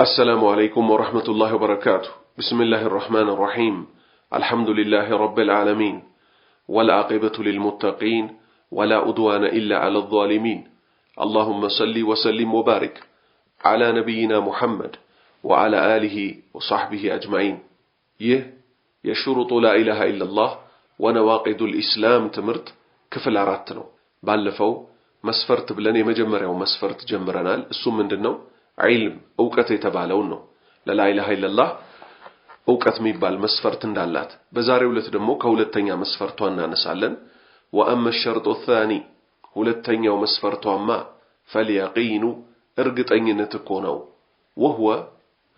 السلام عليكم ورحمة الله وبركاته بسم الله الرحمن الرحيم الحمد لله رب العالمين والعاقبة للمتقين ولا أدوان إلا على الظالمين اللهم صل وسلم وبارك على نبينا محمد وعلى آله وصحبه أجمعين ይህ የሽሩጡ ላኢላሃ ኢላላህ ወነዋቂዱል ኢስላም ትምህርት ክፍል አራት ነው። ባለፈው መስፈርት ብለን የመጀመሪያው መስፈርት ጀምረናል። السم من دنو علم اوقت يتبالو نو لا لا اله الا الله اوقت ميبال مسفرت اندالات بزاري ولت دمو كولتنيا مسفرتو انا نسالن واما الشرط الثاني ولتنيا ومسفرتو اما فليقين ارغطينت كونو وهو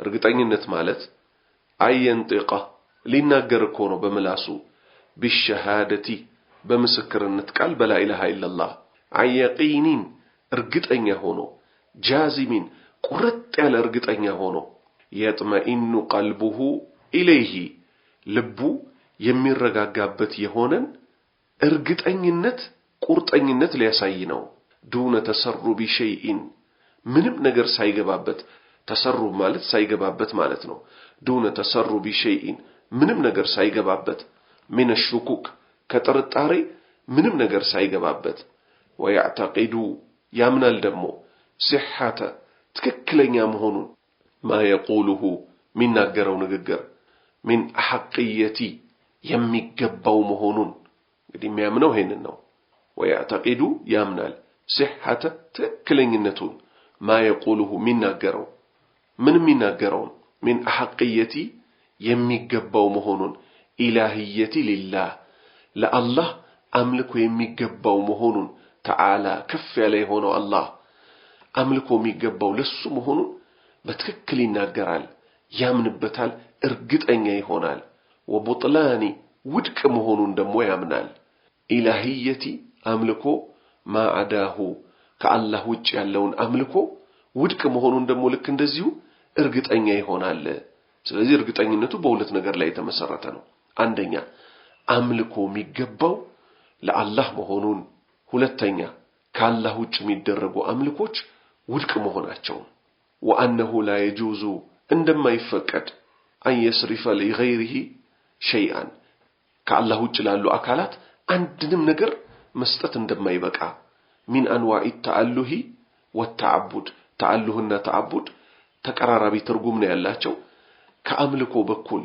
ارغطينت مالت عينطقه ليناجر كونو بملاسو بالشهادتي بمسكرنت قال بلا اله الا الله عيقينين ارغطينيا هونو جازمين ቁርጥ ያለ እርግጠኛ ሆኖ የጥመኢኑ ቀልቡሁ ኢለይሂ ልቡ የሚረጋጋበት የሆነን እርግጠኝነት ቁርጠኝነት ሊያሳይ ነው። ዱነ ተሰሩቢ ሸይኢን ምንም ነገር ሳይገባበት ተሰሩ ማለት ሳይገባበት ማለት ነው። ዱነ ተሰሩቢ ሸይኢን ምንም ነገር ሳይገባበት ሚነ ሹኩክ ከጥርጣሬ ምንም ነገር ሳይገባበት ወያዕተቂዱ ያምናል ደግሞ ሲሓተ ትክክለኛ መሆኑን ማ የቁሉሁ የሚናገረው ንግግር ሚን አሐቅየቲ የሚገባው መሆኑን እንግዲህ የሚያምነው ይሄንን ነው። ወያዕተቂዱ ያምናል ሲሐተ ትክክለኝነቱን ማ የቁሉሁ የሚናገረው ምን የሚናገረውን ሚን አሐቅየቲ የሚገባው መሆኑን ኢላህየቲ ሊላህ ለአላህ አምልኮ የሚገባው መሆኑን ተዓላ ከፍ ያለ የሆነው አላህ አምልኮ የሚገባው ለሱ መሆኑን በትክክል ይናገራል፣ ያምንበታል፣ እርግጠኛ ይሆናል። ወቡጥላኒ ውድቅ መሆኑን ደግሞ ያምናል። ኢላሂየቲ አምልኮ ማዕዳሁ ከአላህ ውጭ ያለውን አምልኮ ውድቅ መሆኑን ደግሞ ልክ እንደዚሁ እርግጠኛ ይሆናል። ስለዚህ እርግጠኝነቱ በሁለት ነገር ላይ የተመሰረተ ነው። አንደኛ አምልኮ የሚገባው ለአላህ መሆኑን፣ ሁለተኛ ከአላህ ውጭ የሚደረጉ አምልኮች ውድቅ መሆናቸው ወአነሁ ላ የጁዙ እንደማይፈቀድ አንየስሪፈ ሊገይሪሂ ሸይአን ከአላህ ውጭ ላሉ አካላት አንድንም ነገር መስጠት እንደማይበቃ ሚን አንዋኢ ተአሉሂ ወተዓቡድ ተአሉህና ተአቡድ ተቀራራቢ ትርጉም ነው ያላቸው። ከአምልኮ በኩል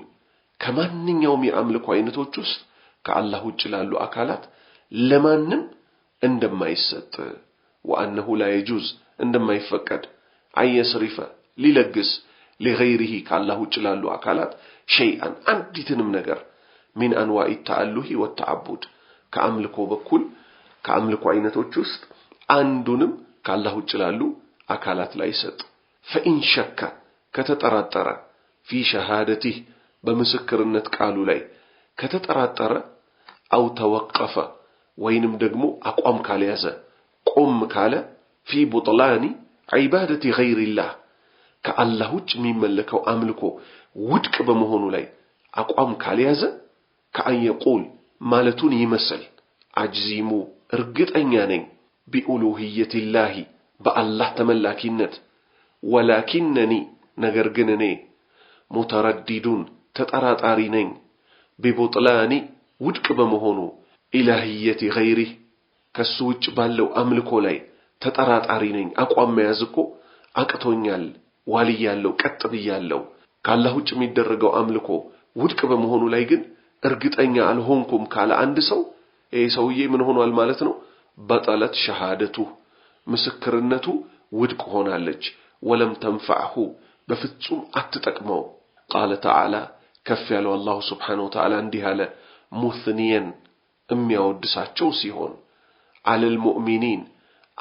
ከማንኛውም የአምልኮ አይነቶች ውስጥ ከአላህ ውጭ ላሉ አካላት ለማንም እንደማይሰጥ ወአነሁ ላ የጁዝ እንደማይፈቀድ አየስሪፈ ሊለግስ ሊገይሪሂ ካላህ ውጭ ላሉ አካላት ሸይአን አንዲትንም ነገር ሚን አንዋኢ ተአሉሂ ወተዓቡድ ከአምልኮ በኩል ከአምልኮ አይነቶች ውስጥ አንዱንም ካላህ ውጭ ላሉ አካላት ላይ ሰጥ ፈኢን ሸከ ከተጠራጠረ ፊ ሸሃደቲህ በምስክርነት ቃሉ ላይ ከተጠራጠረ አው ተወቀፈ ወይንም ደግሞ አቋም ካልያዘ ቆም ካለ ፊ ቡጥላኒ ዒባደቲ ገይሪላህ ከአላህ ውጭ የሚመለከው አምልኮ ውድቅ በመሆኑ ላይ አቋም ካልያዘ ከአን የቁል ማለቱን ይመስል አጅዚሙ እርግጠኛ ነኝ ቢኡሉህየቲላሂ በአላህ ተመላኪነት ወላኪነኒ ነገር ግን እኔ ሙተረዲዱን ተጠራጣሪ ነኝ ቢቡጥላኒ ውድቅ በመሆኑ ኢላህየቲ ገይሪህ ከሱ ውጭ ባለው አምልኮ ላይ ተጠራጣሪ ነኝ፣ አቋም መያዝ እኮ አቅቶኛል፣ ዋልያለሁ፣ ቀጥ ብያለሁ፣ ካላህ ውጭ የሚደረገው አምልኮ ውድቅ በመሆኑ ላይ ግን እርግጠኛ አልሆንኩም ካለ አንድ ሰው ይህ ሰውዬ ምን ሆኗል ማለት ነው? በጠለት ሸሃደቱ ምስክርነቱ ውድቅ ሆናለች። ወለም ተንፈዕሁ በፍጹም አትጠቅመው። ቃለ ተዓላ ከፍ ያለው አላሁ ስብሓነሁ ወተዓላ እንዲህ አለ ሙስኒየን የሚያወድሳቸው ሲሆን አለል ሙእሚኒን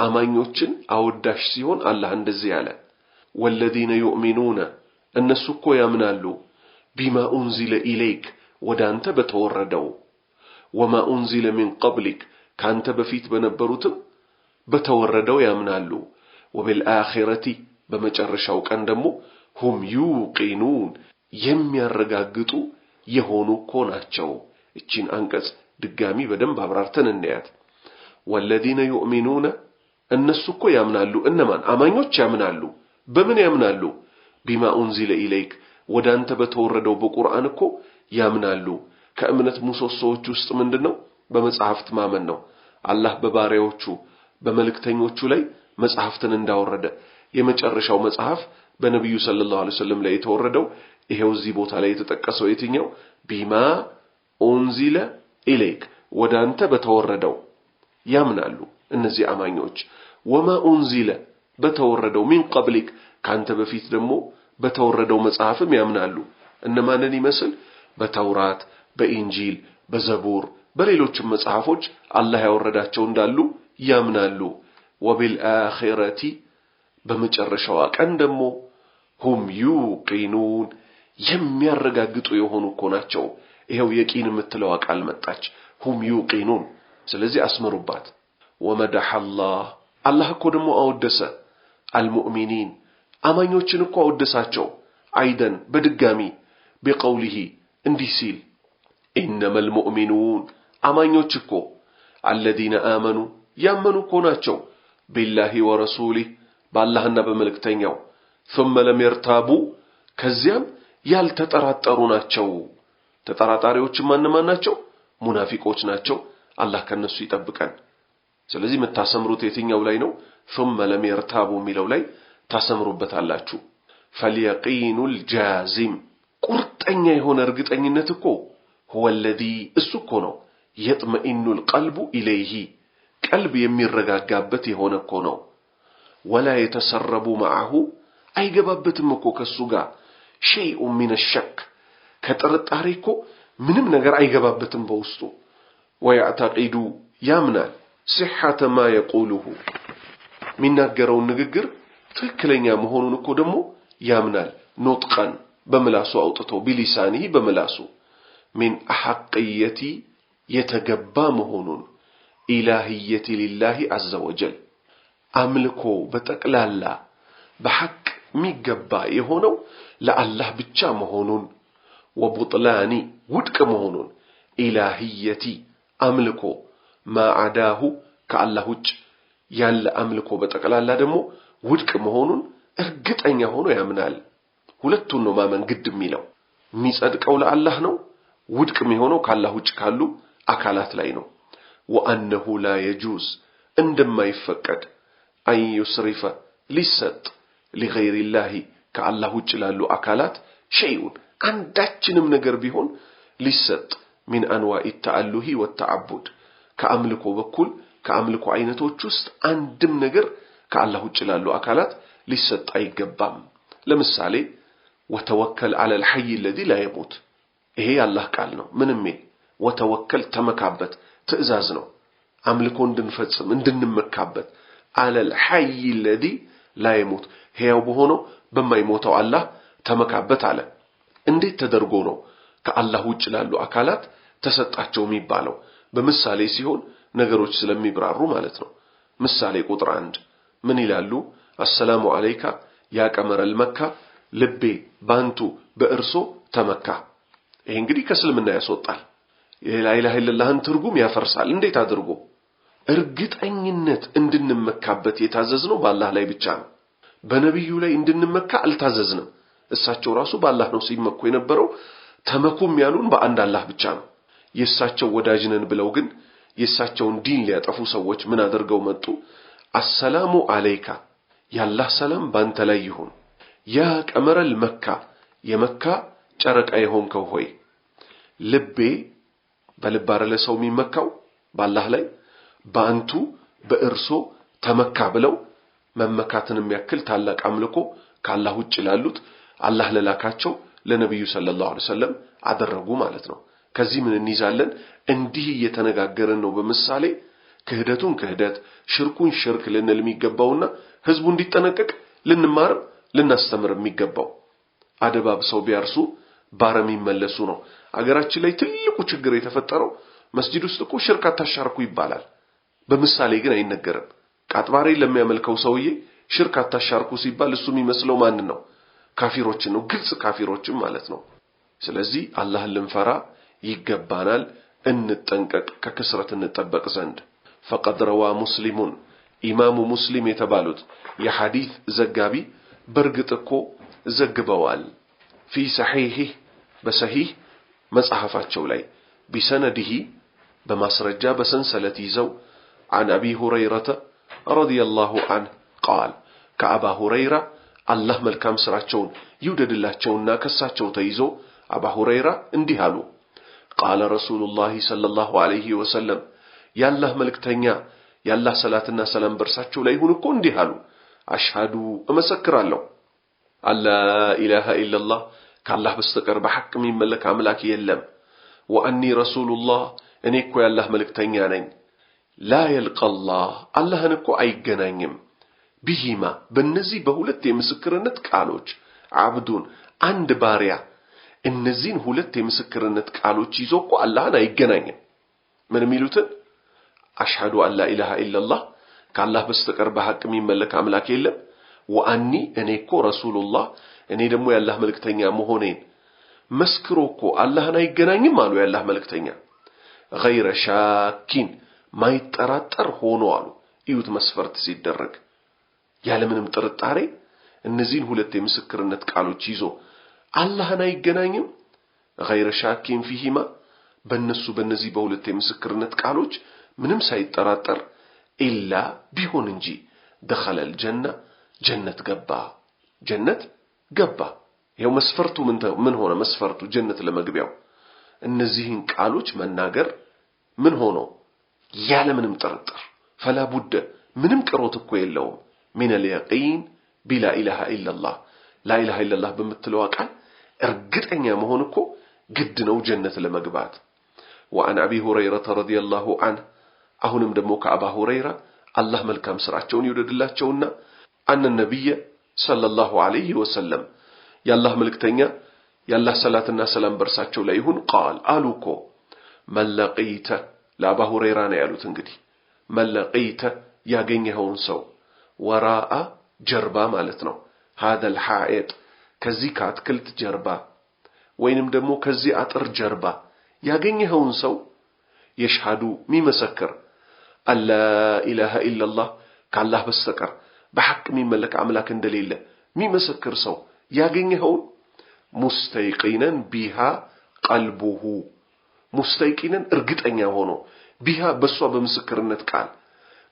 አማኞችን አወዳሽ ሲሆን አላህ እንደዚህ ያለ ወለዚነ ዩእሚኑነ እነሱ እኮ ያምናሉ ቢማ ኡንዚለ ኢለይክ ወደ አንተ በተወረደው ወማ ኡንዚለ ሚን ቀብሊክ ካንተ በፊት በነበሩትም በተወረደው ያምናሉ ወቢልአኺረቲ በመጨረሻው ቀን ደግሞ ሁም ዩቂኑን የሚያረጋግጡ የሆኑ እኮ ናቸው። እቺን አንቀጽ ድጋሚ በደንብ አብራርተን እንያት። ወለዚነ ዩእሚኑነ እነሱ እኮ ያምናሉ። እነማን አማኞች ያምናሉ። በምን ያምናሉ? ቢማ ኡንዚለ ኢለይክ ወደ አንተ በተወረደው በቁርአን እኮ ያምናሉ። ከእምነት ምሰሶዎች ውስጥ ምንድን ነው? በመጽሐፍት ማመን ነው። አላህ በባሪያዎቹ በመልእክተኞቹ ላይ መጽሐፍትን እንዳወረደ የመጨረሻው መጽሐፍ በነቢዩ ሰለላሁ ዐለይሂ ወሰለም ላይ የተወረደው ይሄው እዚህ ቦታ ላይ የተጠቀሰው የትኛው? ቢማ ኡንዚለ ኢለይክ ወደ አንተ በተወረደው ያምናሉ። እነዚህ አማኞች ወማ ኡንዚለ በተወረደው ሚን ቀብሊክ ካንተ በፊት ደግሞ በተወረደው መጽሐፍም ያምናሉ። እነማንን ይመስል በተውራት፣ በኢንጂል፣ በዘቡር፣ በሌሎችም መጽሐፎች አላህ ያወረዳቸው እንዳሉ ያምናሉ። ወቢል አኺረቲ በመጨረሻዋ ቀን ደግሞ ሁም ዩቂኑን የሚያረጋግጡ የሆኑ እኮ ናቸው። ይኸው የቂን የምትለዋ ቃል መጣች። ሁም ዩቂኑን። ስለዚህ አስምሩባት። ወመደሐ አላህ እኮ ደግሞ አወደሰ አልሙእሚኒን አማኞችን እኮ አወደሳቸው አይደን በድጋሚ ቢቀውሊሂ እንዲህ ሲል ኢነመል ሙእሚኑን አማኞች እኮ አለዚነ አመኑ ያመኑ እኮ ናቸው ቢላሂ ወረሱሊህ በአላህና በመልእክተኛው ثم ለም የርታቡ ከዚያም ያልተጠራጠሩ ናቸው ተጠራጣሪዎች ማንማን ናቸው ሙናፊቆች ናቸው አላህ ከነሱ ይጠብቀን ስለዚህ የምታሰምሩት የትኛው ላይ ነው? ثم لم يرتابوا የሚለው ላይ ታሰምሩበታላችሁ። فاليقين ጃዚም ቁርጠኛ የሆነ እርግጠኝነት እኮ هو الذي እሱ እኮ ነው يطمئن ቀልቡ إليه ቀልብ የሚረጋጋበት የሆነ እኮ ነው። ወላ የተሰረቡ معه አይገባበትም እኮ ከሱ ጋር شيء من الشك ከጥርጣሬ እኮ ምንም ነገር አይገባበትም በውስጡ ويعتقد ያምናል ሲሐተ ማ የቁሉሁ የሚናገረውን ንግግር ትክክለኛ መሆኑን እኮ ደግሞ ያምናል። ኖጥቀን በምላሱ አውጥቶ ቢሊሳኒህ በምላሱ ሚን አሐቅየቲ የተገባ መሆኑን ኢላህየቲ ሊላሂ አዘወጀል አምልኮ በጠቅላላ በሐቅ የሚገባ የሆነው ለአላህ ብቻ መሆኑን ወቡጥላኒ ውድቅ መሆኑን ኢላህየቲ አምልኮ ማዕዳሁ ከአላህ ውጭ ያለ አምልኮ በጠቅላላ ደግሞ ውድቅ መሆኑን እርግጠኛ ሆኖ ያምናል። ሁለቱን ነው ማመን ግድ የሚለው። የሚጸድቀው ለአላህ ነው። ውድቅ የሚሆነው ከአላህ ውጭ ካሉ አካላት ላይ ነው። ወአነሁ ላ የጁዝ እንደማይፈቀድ አን ዩስሪፈ ሊሰጥ ሊገይሪላሂ ከአላህ ውጭ ላሉ አካላት ሸይኡን አንዳችንም ነገር ቢሆን ሊሰጥ ሚን አንዋኢ ተአሉሂ ወተዓቡድ ከአምልኮ በኩል ከአምልኮ አይነቶች ውስጥ አንድም ነገር ከአላህ ውጭ ላሉ አካላት ሊሰጥ አይገባም። ለምሳሌ ወተወከል አለል ሐይ ለዚ ላየሞት ይሄ የአላህ ቃል ነው። ምንም ወተወከል ተመካበት ትዕዛዝ ነው። አምልኮ እንድንፈጽም እንድንመካበት አለል ሐይ ለዚ ላየሞት ሕያው በሆነው በማይሞተው አላህ ተመካበት አለ። እንዴት ተደርጎ ነው ከአላህ ውጭ ላሉ አካላት ተሰጣቸው የሚባለው? በምሳሌ ሲሆን ነገሮች ስለሚብራሩ ማለት ነው። ምሳሌ ቁጥር አንድ ምን ይላሉ? አሰላሙ አለይካ ያ ቀመረል መካ፣ ልቤ ባንቱ በእርሶ ተመካ። ይሄ እንግዲህ ከእስልምና ያስወጣል። የላ ኢላሀ ኢለላህን ትርጉም ያፈርሳል። እንዴት አድርጎ? እርግጠኝነት እንድንመካበት የታዘዝነው በአላህ ላይ ብቻ ነው። በነቢዩ ላይ እንድንመካ አልታዘዝንም። እሳቸው ራሱ በአላህ ነው ሲመኩ የነበረው። ተመኩም ያሉን በአንድ አላህ ብቻ ነው። የእሳቸው ወዳጅ ነን ብለው ግን የእሳቸውን ዲን ሊያጠፉ ሰዎች ምን አድርገው መጡ? አሰላሙ አለይካ ያላህ ሰላም ባንተ ላይ ይሁን፣ ያ ቀመረል መካ የመካ ጨረቃ የሆንከው ሆይ ልቤ በልብ አረለ ሰው የሚመካው ባላህ ላይ በአንቱ በእርሶ ተመካ ብለው መመካትንም ያክል ታላቅ አምልኮ ከአላህ ውጭ ላሉት አላህ ለላካቸው ለነቢዩ ሰለላሁ ዐለይሂ ወሰለም አደረጉ ማለት ነው። ከዚህ ምን እንይዛለን? እንዲህ እየተነጋገርን ነው በምሳሌ ክህደቱን ክህደት ሽርኩን ሽርክ ልንል የሚገባውና ህዝቡ እንዲጠነቀቅ ልንማርም ልናስተምር የሚገባው አደባብ ሰው ቢያርሱ ባረም ይመለሱ ነው። አገራችን ላይ ትልቁ ችግር የተፈጠረው መስጂድ ውስጥ እኮ ሽርክ አታሻርኩ ይባላል። በምሳሌ ግን አይነገርም። ቃጥባሬ ለሚያመልከው ሰውዬ ሽርክ አታሻርኩ ሲባል እሱ የሚመስለው ማንን ነው? ካፊሮችን ነው፣ ግልጽ ካፊሮችን ማለት ነው። ስለዚህ አላህን ልንፈራ ይገባናል። እንጠንቀቅ ከክስረት እንጠበቅ ዘንድ። ፈቀድ ረዋ ሙስሊሙን ኢማሙ ሙስሊም የተባሉት የሐዲት ዘጋቢ በእርግጥ እኮ ዘግበዋል። ፊ ሰሒህ በሰሂህ መጽሐፋቸው ላይ ቢሰነድሂ በማስረጃ በሰንሰለት ይዘው አን አቢ ሁረይረተ ረዲየላሁ አንህ ቀዋል። ከአባ ሁረይራ አላህ መልካም ስራቸውን ይውደድላቸውና ከሳቸው ተይዞ አባ ሁረይራ እንዲህ አሉ። ቃለ ረሱሉላሂ ሰለላሁ ዐለይሂ ወሰለም ያላህ መልእክተኛ ያላህ ሰላትና ሰላም በእርሳቸው ላይ ይሁን እኮ እንዲህ አሉ። አሽሃዱ እመሰክራለሁ አላ ኢላሃ ኢለላህ ካላህ በስተቀር በሐቅ የሚመለክ አምላክ የለም። ወአኒ ረሱሉላህ እኔ እኮ ያላህ መልእክተኛ ነኝ። ላ የልቀላህ አላህን እኮ አይገናኝም። ቢሂማ በእነዚህ በሁለት የምስክርነት ቃሎች አብዱን አንድ ባሪያ እነዚህን ሁለት የምስክርነት ቃሎች ይዞ እኮ አላህን አይገናኝም። ምን የሚሉትን አሽሃዱ አላ ኢላሃ ኢላላህ ከአላህ በስተቀር በሐቅ የሚመለክ አምላክ የለም፣ ወአኒ እኔ እኮ ረሱሉላህ እኔ ደግሞ የአላህ መልእክተኛ መሆኔን መስክሮ እኮ አላህን አይገናኝም አሉ የአላህ መልእክተኛ። ገይረ ሻኪን ማይጠራጠር ሆኖ አሉ። እዩት መስፈርት ሲደረግ ያለምንም ጥርጣሬ እነዚህን ሁለት የምስክርነት ቃሎች ይዞ አላህን አይገናኝም? ገይረ ሻኪን ፊሂማ በእነሱ በእነዚህ በሁለት የምስክርነት ቃሎች ምንም ሳይጠራጠር ኢላ ቢሆን እንጂ ደኸለል ጀና ጀነት ገባ ጀነት ገባ። ይኸው መስፈርቱ ምን ሆነ? መስፈርቱ ጀነት ለመግቢያው እነዚህን ቃሎች መናገር ምን ሆኖ ያለ ምንም ጥርጥር ፈላ ቡደ ምንም ቅሮት እኮ የለውም ሚነል የቂን ቢላ ኢላሃ ኢላላህ ላ ኢላላህ በምትለዋ ቃል ارجت ان يامهونكو جدنا وجنة لما قبعت وعن ابي هريرة رضي الله عنه اهون مدموك ابا هريرة الله ملك امسرع شون الله شوننا ان النبي صلى الله عليه وسلم يا الله ملك تنيا يا الله صلاة الناس سلام برسات شو ليهون قال الوكو من لقيت لابا هريرة نيالو تنقدي من لقيت يا جنيه سو وراء جربا مالتنا هذا الحائط ከዚህ ከአትክልት ጀርባ ወይንም ደግሞ ከዚህ አጥር ጀርባ ያገኘኸውን ሰው የሻዱ የሚመሰክር አላ ኢላሃ ኢላላህ ካላህ በስተቀር በሐቅ የሚመለክ አምላክ እንደሌለ የሚመሰክር ሰው ያገኘኸውን ሙስተይቂነን ቢሃ ቀልቡሁ ሙስተይቂነን እርግጠኛ ሆኖ ቢሃ በሷ በምስክርነት ቃል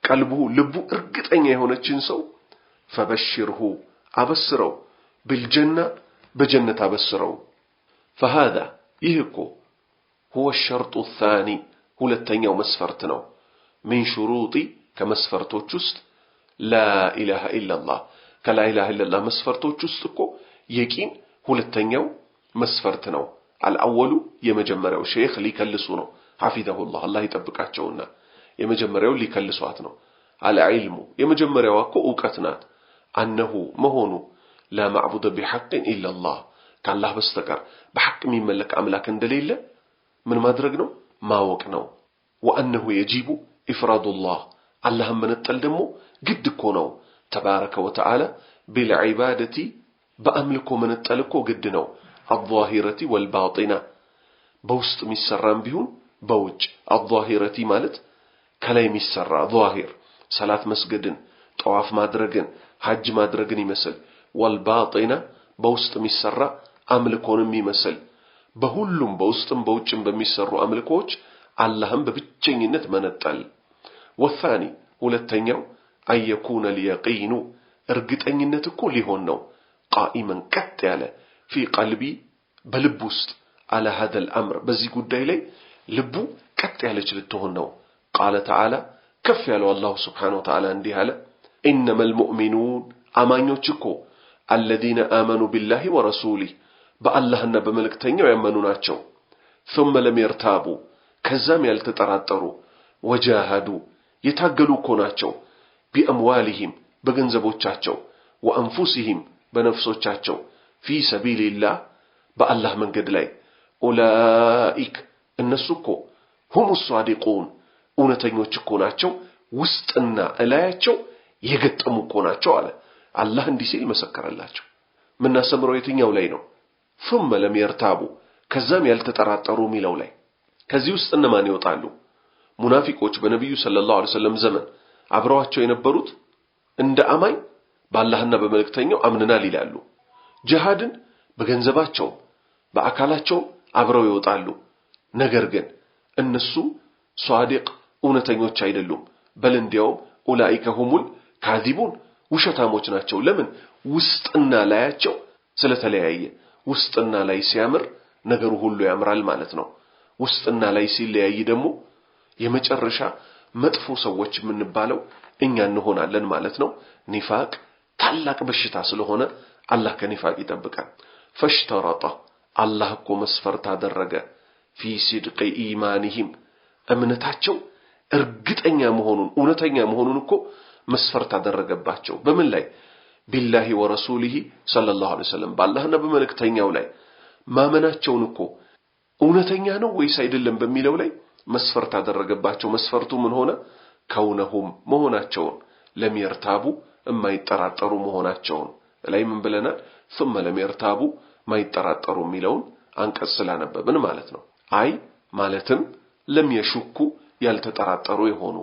ቀልቡሁ ልቡ እርግጠኛ የሆነችን ሰው ፈበሽርሁ አበስረው بالجنة بجنة بسرو فهذا يهقو هو الشرط الثاني هو التنية ومسفرتنو من شروطي كمسفرتو جست لا إله إلا الله كلا إله إلا الله مسفرتو جستكو يكين هو التنية مسفرتنو الأول يمجمره الشيخ لي كالسونو حفظه الله الله يتبقى جونا يمجمره لي كالسواتنو على علمه يمجمره وكو أوكاتنات أنه مهونو لا معبود بحق إلا الله كان الله بستقر بحق من ملك أملاك دليل من ما درقنا ما وقناه وأنه يجيب إفراد الله اللهم من التلدم قد كونه تبارك وتعالى بالعبادة بأملك من التلك قدنا الظاهرة والباطنة بوست مسران بهون بوج الظاهرة مالت كلاي مسرى ظاهر صلاة مسجد طواف مدرجن حج مدرجن يمثل والباطنة بوست مسرة أملكون مي مسل بهولم بوستم بوشم بمسرة أملكوش اللهم ببتشين نت من التل والثاني ولا أن يكون اليقين رجت أن نت قائما كت في قلبي بلبوست على هذا الأمر بزيق الدليل لبو كت على شرطهنو قال تعالى كفّل الله سبحانه وتعالى عندي هلا إنما المؤمنون أمانيو تشكو አለዚነ አመኑ ቢላሂ ወረሱሊህ በአላህና በመልእክተኛው ያመኑ ናቸው። ثم ለም የርታቡ ከዛም ያልተጠራጠሩ ወጃሃዱ የታገሉ እኮ ናቸው። ቢአምዋሊሂም በገንዘቦቻቸው ወአንፉሲሂም በነፍሶቻቸው ፊ ሰቢልላህ በአላህ መንገድ ላይ ኡላኢክ እነሱ እኮ ሁሙ ሷዲቁን እውነተኞች እኮ ናቸው። ውስጥና እላያቸው የገጠሙ እኮ ናቸው አለ። አላህ እንዲህ ሲል መሰከረላቸው። የምናስተምረው የትኛው ላይ ነው? ሱመ ለም የርታቡ ከዛም ያልተጠራጠሩ የሚለው ላይ። ከዚህ ውስጥ እነማን ይወጣሉ? ሙናፊቆች በነቢዩ ሰለላሁ ዐለይሂ ወሰለም ዘመን አብረዋቸው የነበሩት እንደ አማኝ በአላህና በመልእክተኛው አምንናል ይላሉ። ጅሃድን በገንዘባቸውም በአካላቸውም አብረው ይወጣሉ። ነገር ግን እነሱ ሷዲቅ እውነተኞች አይደሉም። በል እንዲያውም ኡላኢከ ሁሙል ካዚቡን ውሸታሞች ናቸው። ለምን? ውስጥና ላያቸው ስለተለያየ። ውስጥና ላይ ሲያምር ነገሩ ሁሉ ያምራል ማለት ነው። ውስጥና ላይ ሲለያይ ደግሞ የመጨረሻ መጥፎ ሰዎች የምንባለው እኛ እንሆናለን ማለት ነው። ኒፋቅ ታላቅ በሽታ ስለሆነ አላህ ከኒፋቅ ይጠብቃል። ፈሽተረጠ አላህ እኮ መስፈርት አደረገ። ፊ ሲድቅ ኢማኒሂም እምነታቸው እርግጠኛ መሆኑን እውነተኛ መሆኑን እኮ መስፈርት አደረገባቸው። በምን ላይ? ቢላሂ ወረሱሊሂ ሰለላሁ ዐለይሂ ወሰለም በአላህና በመልእክተኛው ላይ ማመናቸውን እኮ እውነተኛ ነው ወይስ አይደለም በሚለው ላይ መስፈርት አደረገባቸው። መስፈርቱ ምን ሆነ? ከውነሁም መሆናቸውን ለሚርታቡ የማይጠራጠሩ መሆናቸውን ላይ ምን ብለናል? ثم ለሚርታቡ ማይጠራጠሩ የሚለውን አንቀጽ ስላነበብን ማለት ነው። አይ ማለትም ለሚየሹኩ ያልተጠራጠሩ የሆኑ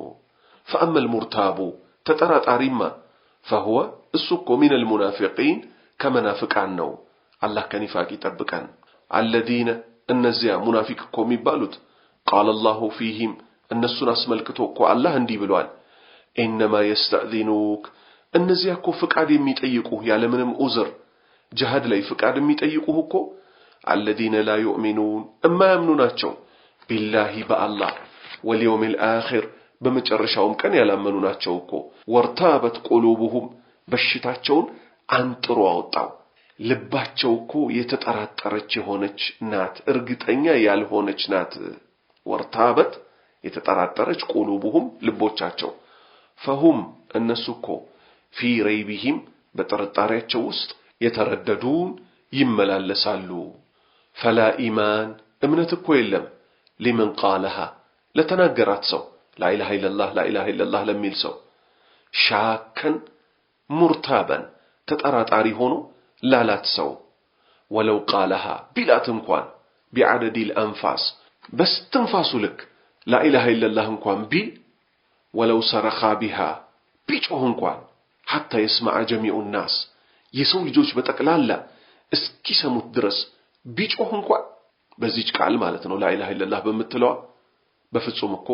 ፈአመል ሙርታቡ ተጠራጣሪማ ፈህወ እሱ እኮ ሚነል ሙናፊቂን ከመናፍቃን ነው። አላህ ከኒፋቅ ይጠብቀን። አለዚነ እነዚያ ሙናፊቅ እኮ የሚባሉት ቃለ ላሁ ፊህም እነሱን አስመልክቶ እኮ አላህ እንዲህ ብሏል። ኢነማ የስተእዚኑክ እነዚያ እኮ ፍቃድ የሚጠይቁህ ያለምንም ዑዝር ጅሃድ ላይ ፍቃድ የሚጠይቁህ እኮ አለዚነ ላ ዩእሚኑን እማያምኑ ናቸው ቢላሂ በአላህ ወልየውሚል አኺር በመጨረሻውም ቀን ያላመኑ ናቸው እኮ ወርታበት ቁሉቡሁም በሽታቸውን አንጥሮ አወጣው። ልባቸው እኮ የተጠራጠረች የሆነች ናት፣ እርግጠኛ ያልሆነች ናት። ወርታበት የተጠራጠረች ቆሎቡሁም ልቦቻቸው ፈሁም እነሱ እኮ ፊ ረይቢሂም በጥርጣሬያቸው ውስጥ የተረደዱን ይመላለሳሉ። ፈላ ኢማን እምነት እኮ የለም ሊመን ቃለሃ ለተናገራት ሰው ላኢላሃ ኢለላህ ላኢላሃ ኢለላህ ለሚል ሰው ሻከን ሙርታበን ተጠራጣሪ ሆኖ ላላት ሰው ወለው ቃለሃ ቢላት እንኳን ቢዓደዲል አንፋስ በስትንፋሱ ልክ ላኢላሃ ኢለላህ እንኳን ቢል ወለው ሰረኻ ቢሃ ቢጮህ እንኳን ሐታ የስማዐ ጀሚዑ ናስ የሰው ልጆች በጠቅላላ እስኪሰሙት ድረስ ቢጮህ እንኳን በዚች ቃል ማለት ነው ላኢላሃ ኢለላህ በምትለዋ በፍጹም እኮ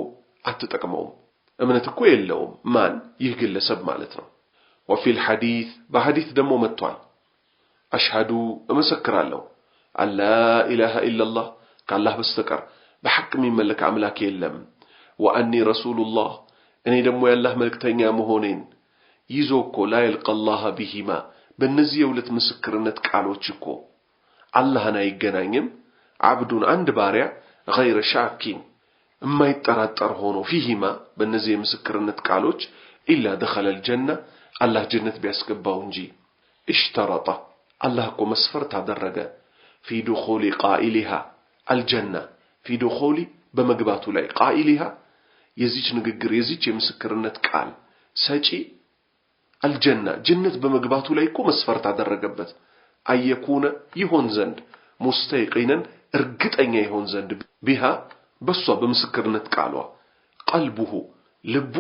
أتتكمهم أمنا تكوي اللوم من يهجل لسب مالتنا وفي الحديث بحديث دمو متوال أشهد أمسكر الله أن لا إله إلا الله قال الله بستكر بحق من ملك عملك اللم وأني رسول الله أني دمو الله ملك تنيا مهونين يزوكو لا يلقى الله بهما بالنزيه ولت مسكرنت قالو تشكو الله أنا يجنايم عبد عند باريا غير شاكين የማይጠራጠር ሆኖ ፊሂማ በእነዚህ የምስክርነት ቃሎች ኢላ ደኸለል ጀና አላህ ጀነት ቢያስገባው እንጂ እሽተረጠ አላህ እኮ መስፈርት አደረገ ፊ ዱኹሊ ቃኢሊሃ አልጀና ፊ ዱኹሊ በመግባቱ ላይ ቃኢሊሃ የዚች ንግግር የዚች የምስክርነት ቃል ሰጪ አልጀና ጀነት በመግባቱ ላይ እኮ መስፈርት አደረገበት አየኩነ ይሆን ዘንድ ሙስተይቂነን እርግጠኛ ይሆን ዘንድ ቢሃ በሷ በምስክርነት ቃሏ ቀልቡሁ ልቡ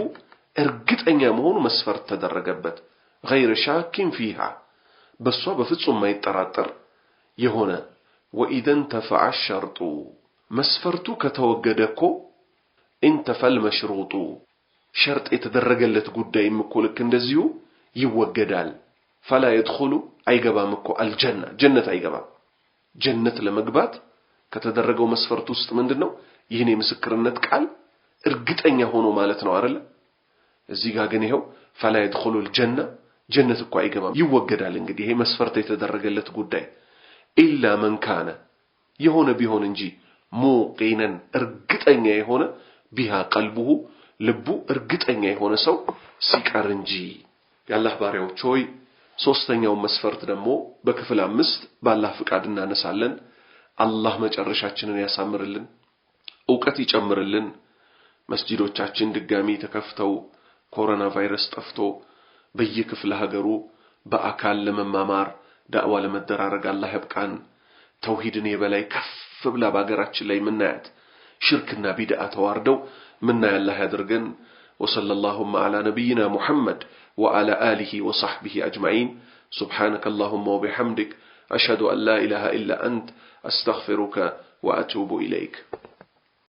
እርግጠኛ መሆኑ መስፈርት ተደረገበት። ገይረ ሻኪን ፊሃ በሷ በፍጹም የማይጠራጠር የሆነ ወኢደን ተፈዐ ሸርጡ መስፈርቱ ከተወገደ እኮ እንተፈል መሽሩጡ ሸርጥ የተደረገለት ጉዳይም እኮ ልክ እንደዚሁ ይወገዳል። ፈላ የድኹሉ አይገባም እኮ አልጀና ጀነት አይገባም። ጀነት ለመግባት ከተደረገው መስፈርት ውስጥ ምንድን ነው? ይህን የምስክርነት ቃል እርግጠኛ ሆኖ ማለት ነው አይደለ? እዚህ ጋር ግን ይኸው ፈላ የድኹሉል ጀና ጀነት እኮ አይገባም ይወገዳል። እንግዲህ ይሄ መስፈርት የተደረገለት ጉዳይ ኢላ መንካነ የሆነ ቢሆን እንጂ ሙቂነን እርግጠኛ የሆነ ቢሃ ቀልቡሁ ልቡ እርግጠኛ የሆነ ሰው ሲቀር እንጂ። የአላህ ባሪያዎች ሆይ ሶስተኛውን መስፈርት ደግሞ በክፍል አምስት በአላህ ፍቃድ እናነሳለን። አላህ መጨረሻችንን ያሳምርልን። أوكاتي مسجد مسجدو تشاچن دقامي تكفتو كورونا فيروس تفتو بيك فلهاجرو بأكال لما مامار دعوة لما الدرارق الله بكان توهيدن يبالي كف بلا باقراتش اللي منات شركنا بدا أتواردو منا الله يدرقن وصلى اللهم على نبينا محمد وعلى آله وصحبه أجمعين سبحانك اللهم وبحمدك أشهد أن لا إله إلا أنت أستغفرك وأتوب إليك